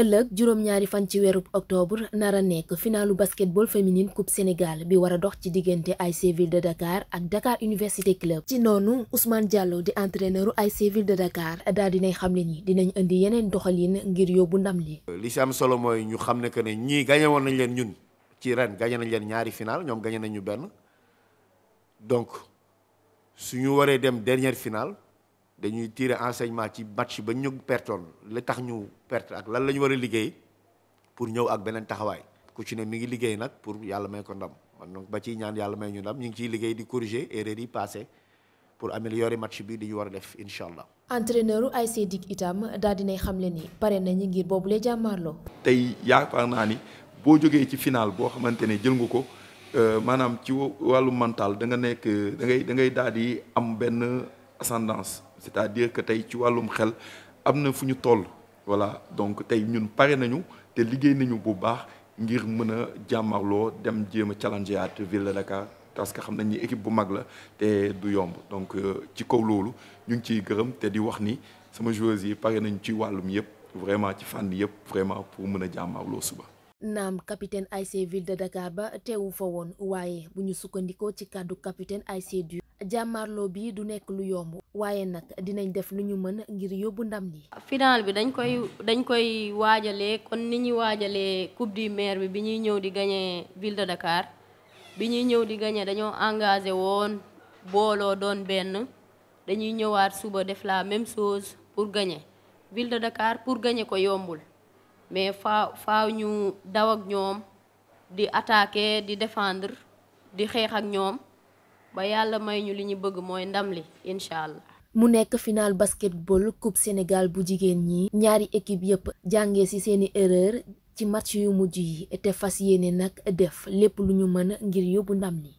ëllëg juróom-ñaari fan ci weeru octobre nara nekk finalu basketball féminine coupe Sénégal bi war a dox ci diggante ay Ville de Dakar ak Dakar Université Club ci noonu usmaan Diallo di entraîneur ASC Ville de Dakar daal dinay xam ne ni dinañ indi yeneen doxalin ngir yóbbu ndam li li si am solo mooy ñu xam ne que ne ñii gañe nañ leen ñun ci ren gañe nañ leen ñaari final ñoom gañe nañ ñu benn donc su ñu waree dem dernière final dañuy tiire enseignement ci match ba ñu pertoon la tax ñu perte ak lan la ñu war a liggéey pour ñëw ak beneen taxawaay ku ne mi ngi liggéey nag pour yàlla may ko ndam man donc ba ciy ñaan yàlla may ñu ndam ñu ngi ciy liggéey di corriger erreur yi passé pour améliorer match bi di ñu war a def incha allah. entraîneur ASC Dik itam daal dinay xamle ni pare nañu ngir boobu lay jàmmaarloo. tey yaakaar naa ni boo jógee ci final boo xamante ne jël nga ko. Euh, maanaam ci wàllu mental da nga nekk da ngay da ngay daal di am benn ascendance c'est-à-dire que tey ci wàllum xel am na fu ñu toll voilà donc tey ñun pare nañu te liggéey nañu bu baax ngir mën a jàmmarloo dem jéem a challenger at ville de Dakar parce que xam nañ ni équipe bu mag la te du yomb donc euh, ci kaw loolu ñu ngi ciy gërëm te di wax ni sama joueurs yi pare nañ ci wàllum yëpp vraiment ci fànn yëpp vraiment pour mën a jàmmarloo suba. naam capitaine ASC ville de Dakar ba teewu fa woon waaye bu ñu sukkandikoo ci kàddu capitaine ASC du jàmmaarloo bi du nekk lu yomb waaye nag dinañ def lu ñu mën ngir yóbbu ndam li final bi dañ koy dañ koy waajalee kon ni ñuy waajalee coupe du maire bi bi ñuy ñëw di gagné ville de Dakar bi ñuy ñëw di gagné dañoo engagé woon booloo doon benn dañuy ñëwaat suba def la même chose pour gagné ville de Dakar pour gagné ko yombul mais faaw faaw ñu daw ak ñoom di attaquer di défendre di xeex ak ñoom ba yàlla may ñu li ñu bëgg mooy ndam li incha allah. mu nekk final basketball coupe Sénégal bu jigéen ñi. ñaari équipe yëpp jàngee ci seeni erreur ci match yu mujj yi te fas yéene nag def lépp lu ñu mën ngir yóbbu ndam li.